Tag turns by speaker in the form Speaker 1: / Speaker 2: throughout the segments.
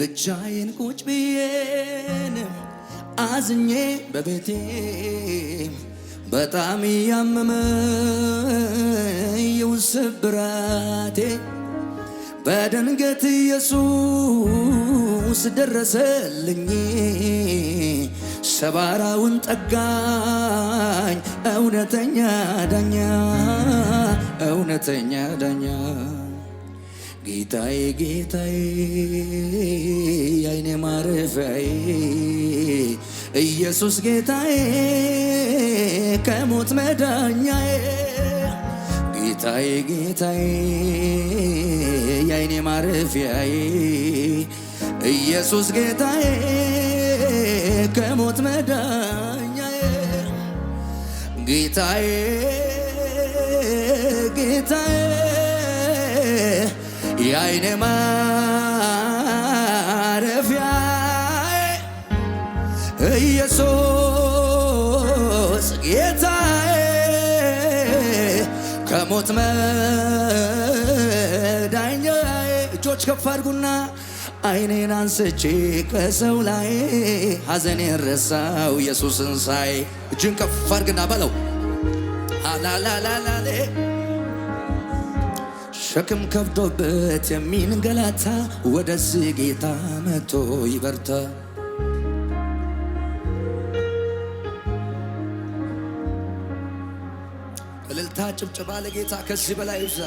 Speaker 1: ብቻዬን ቁጭ ብዬን አዝኜ በቤቴ በጣም እያመመኝ ስብራቴ በድንገት ኢየሱስ ደረሰልኝ፣ ሰባራውን ጠጋኝ፣ እውነተኛ ዳኛ፣ እውነተኛ ዳኛ ጌታዬ ጌታዬ የአይኔ ማረፊያዬ ኢየሱስ ጌታዬ ከሞት መዳኛዬ ጌታዬ ጌታዬ የአይኔ ማረፊያዬ ኢየሱስ ጌታዬ ከሞት መዳኛዬ ጌታዬ ጌታዬ የአይኔ ማረፊያ ኢየሱስ ጌታዬ ከሞት መዳኛ እጆች ከፍ አድርጉና አይኔን አንስቼ ከሰው ላይ ሐዘኔን ረሳው ኢየሱስን ሳይ እጅን ከፍ አድርግና በለው አላላላላ ሸክም ከብዶበት የሚንገላታ ወደዚህ ጌታ መቶ ይበርታ። እልልታ ጭብጭባ ለጌታ ከዚህ በላይ ይብዛ።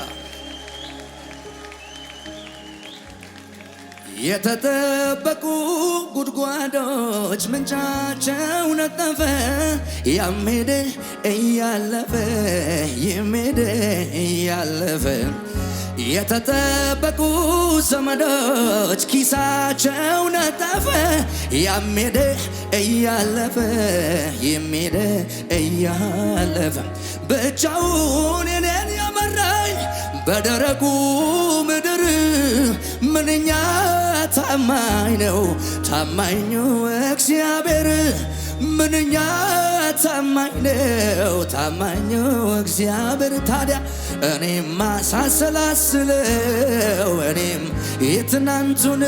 Speaker 1: የተጠበቁ ጉድጓዶች ምንጫቸው ነጠፈ። ያሜደ እያለፈ የሜደ እያለፈ የተጠበቁ ዘመዶች ኪሳቸው ነጠፈ። ያሜደ እያለፈ የሜደ እያለፈ ብቻውን እኔን የመራኝ በደረቁ ምድር ምንኛ ታማኝ ነው ታማኙ እግዚአብሔር ምንኛ ታማኝ ነው ታማኙ እግዚአብሔር። ታዲያ እኔም ማሳሰላስለው እኔም የትናንቱን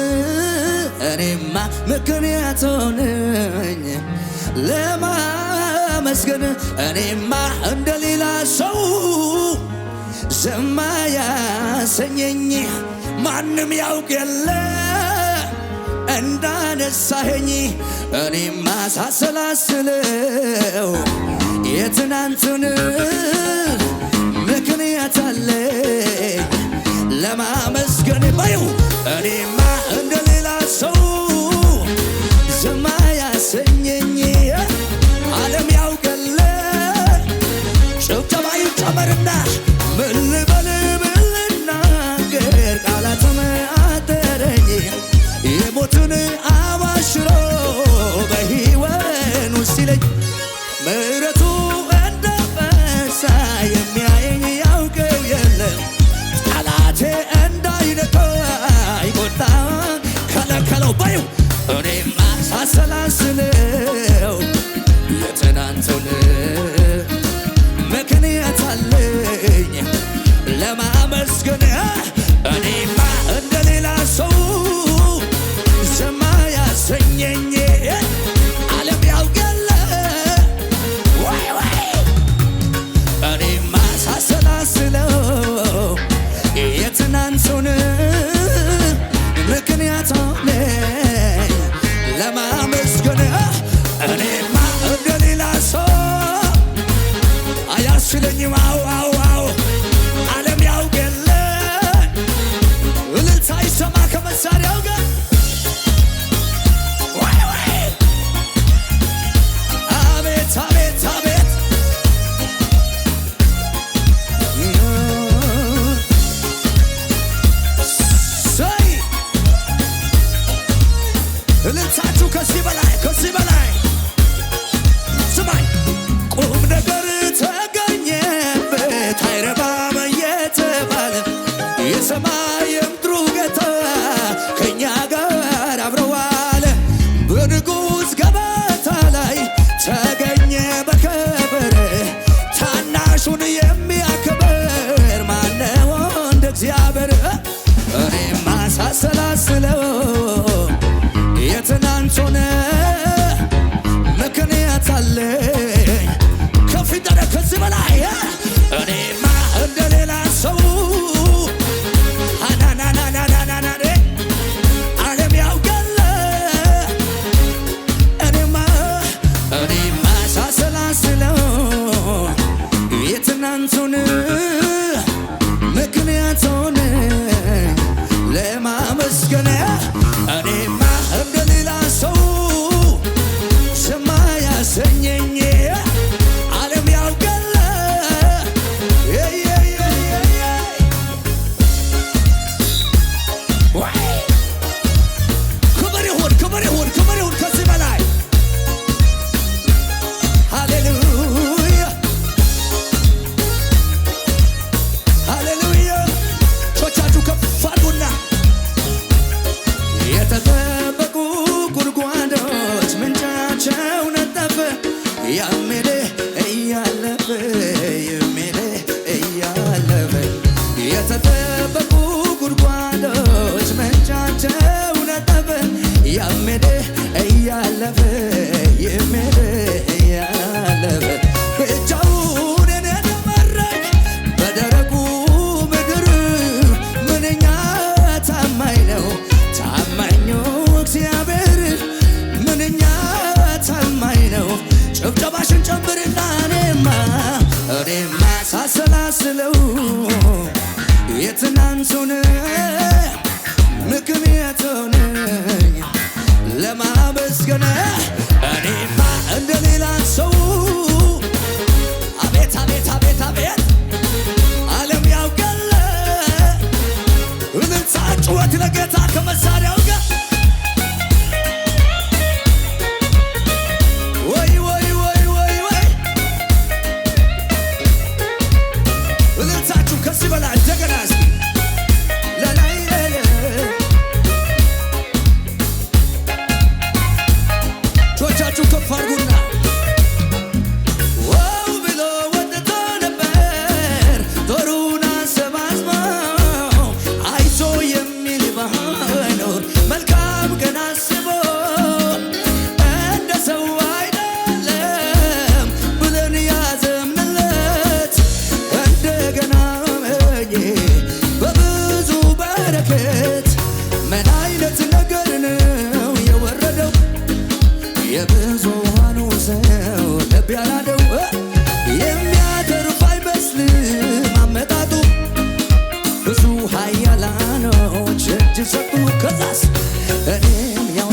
Speaker 1: እኔማ ምክንያቱን ለማመስገን እኔማ እንደሌላ ሰው ዘማ ያሰኘኝ ማንም ያውቅ የለ እንዳ ያነሳኸኝ እኔ ማሳሰላስለው የትናንቱን ምክንያት አለ ለማመስገን ባዩ እኔማ እንደ ሌላ ሰው ዝማ ያሰኘኝ ዓለም ያውቀለ ጭብጨባ ይጨመርና ምን እኔም ሳሰላስል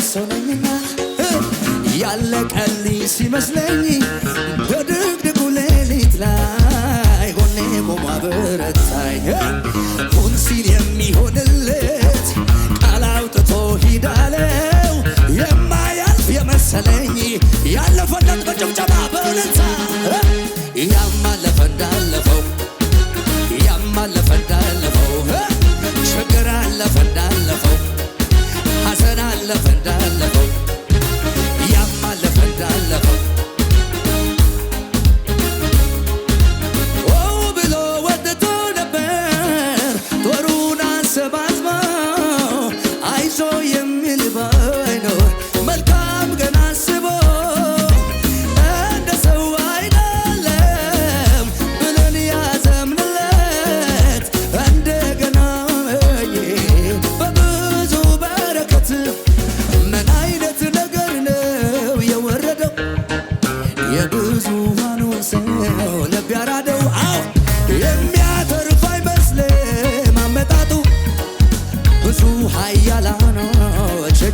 Speaker 1: ሰው ነኝና ያለቀልኝ ሲመስለኝ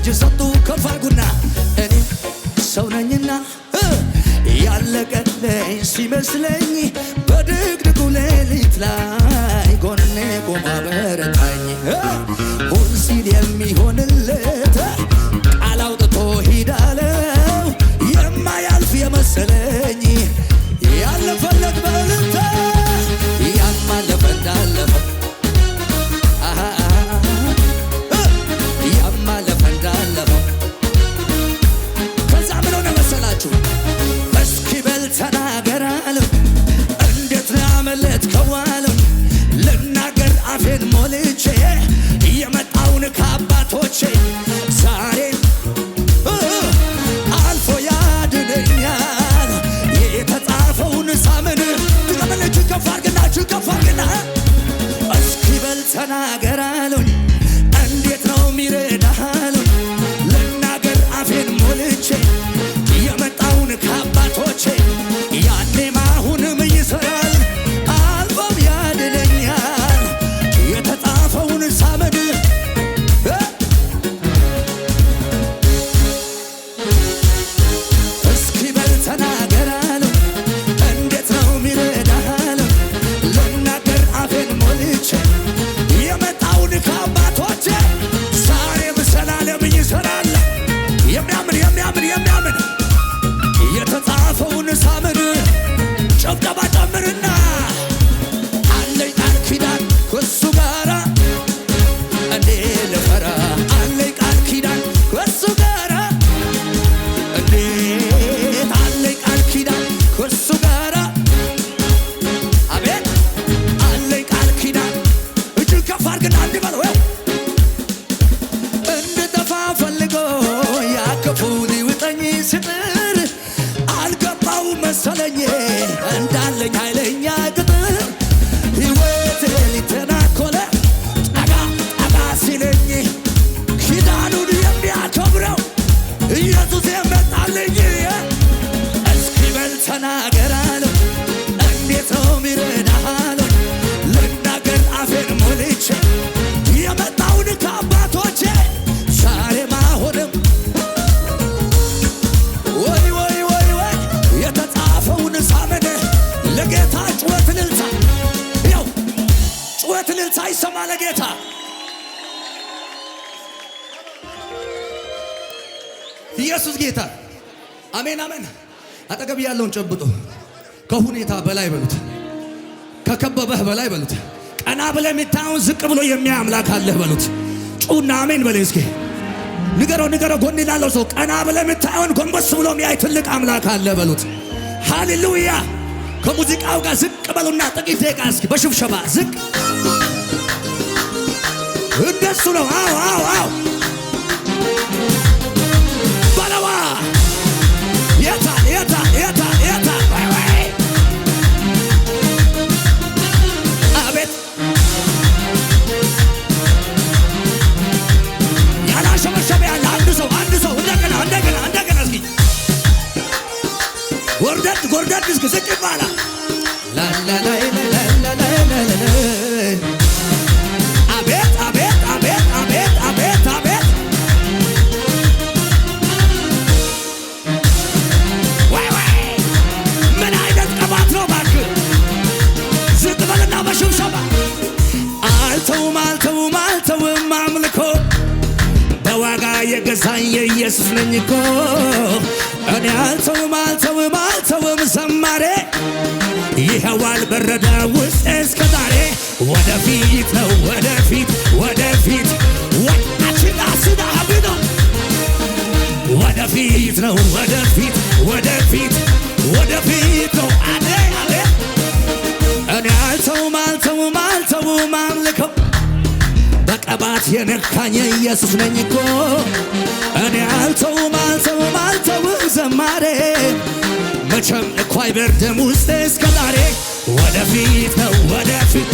Speaker 1: እጅ ሰጡ ከፍ አድርጉና እኔ ሰው ነኝና ያለቀልኝ ሲመስለኝ በድቅድቁ ሌሊት ላይ ጎኔ ቆማ በረታኝ ሁን ሲል የሚሆንል I'm Coming tonight. ኢየሱስ ጌታ። አሜን አሜን። አጠገብ ያለውን ጨብጦ ከሁኔታ በላይ በሉት፣ ከከበበህ በላይ በሉት፣ ቀና ብለህ የምታየውን ዝቅ ብሎ የሚያይ አምላክ አለህ በሉት። ጩና አሜን በለ እስኪ ንገረው ንገረው፣ ጎን ላለው ሰው ቀና ብለህ የምታየውን ጎንበስ ብሎ የሚያይ ትልቅ አምላክ አለህ በሉት። ሃሌሉያ። ከሙዚቃው ጋር ዝቅ በሉና ጥቂት ደቂቃ እስኪ በሽብሸባ ዝቅ እንደሱ ነው። አዎ አዎ አዎ ካየ ኢየሱስ ነኝ እኮ እኔ አልተውም አልተውም አልተውም ዘማሬ ይኸው አልበረደ ውስጥ እስከ ዛሬ ወደፊት ነው ወደፊት ወደፊት ወደፊት ነው ወደፊት ወደፊት ወደፊት ነው አዴ አዴ እኔ አልተውም አልተውም አልተውም አምልከው በቀባት የነካኝ ኢየሱስ ነኝ እኮ እኔ አልተው ማልተው ማልተው ዘማሬ መቼም እኮ አይበርድም ውስጤ እስከ ዛሬ ወደፊት ነው ወደፊት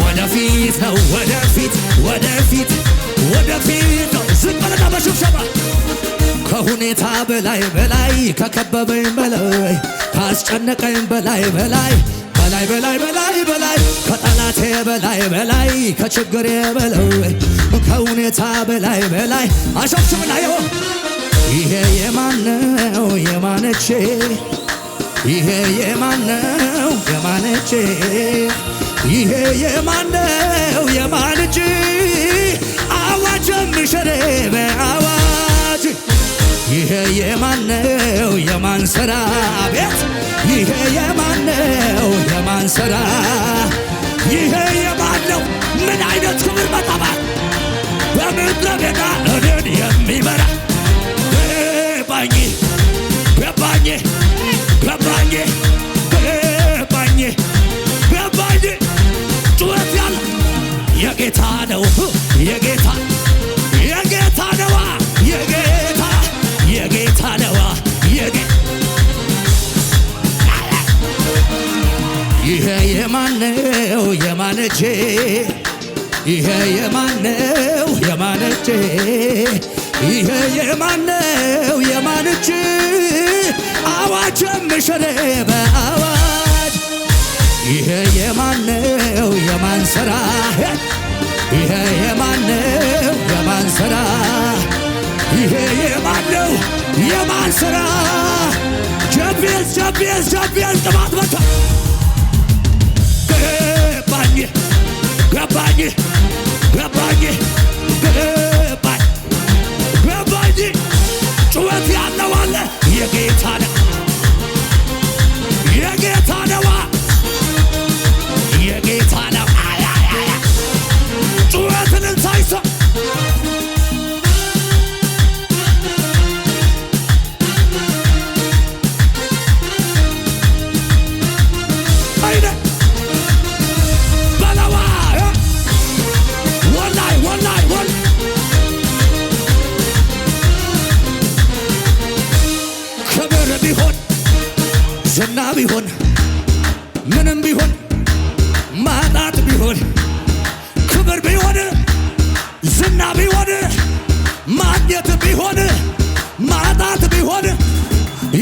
Speaker 1: ወደፊት ነው ወደፊት ወደፊት ወደፊት ነው ዝቅ በለና በሽብሸባ ከሁኔታ በላይ በላይ ከከበበኝ በላይ ካስጨነቀኝ በላይ በላይ ከላይ በላይ በላይ በላይ ከጠላቴ በላይ በላይ ከችግሬ በለው ከሁኔታ በላይ በላይ አሸብች ብላየ ይሄ የማነው የማነቼ ይሄ የማነው የማነቼ ይሄ የማነው የማንጭ አዋጀም ሸሬ በአዋ ይሄ የማነው የማን ስራ ቤት ይሄ የማነው የማን ስራ ይሄ የማነው ምን አይነት ክብር መጠባል በምድረ በዳ እኔን የሚመራ ባኝ የማነው የማን እጄ ይሄ የማነው የማን እጄ ይሄ የማነው የማን አዋጅ ምሽር በአዋጅ ይሄ የማነው የማን ስራ ይሄ የማነው የማን ስራ ይሄ የማነው የማን ስራ ጀቤዝ ጀቤዝ ጀቤዝ ጥማት መታ ገባኝ ገባኝ ገባኝ ገባኝ ጩኸት ያለው አለ የጌታ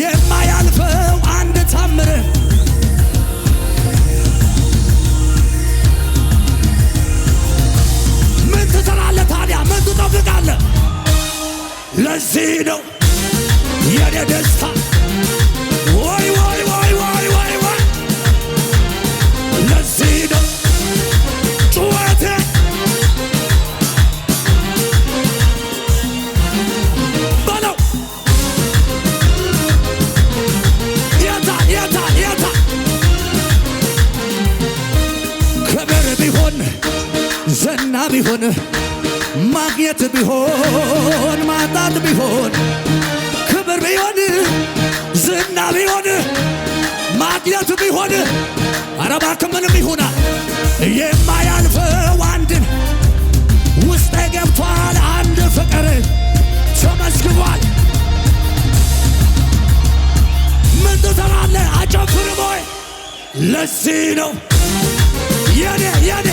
Speaker 1: Yeah, ቢሆን ማግኘት ቢሆን ማጣት ቢሆን ክብር ቢሆን ዝና ቢሆን ማግኘት ቢሆን አረባክ ምንም ይሁና የማያልፈው አንድን ውስጤ ገብቷል አንድ ፍቅር ተመስግቧል። ምን ትሰራለህ? አጨፍርም ለዚህ ነው የኔ የኔ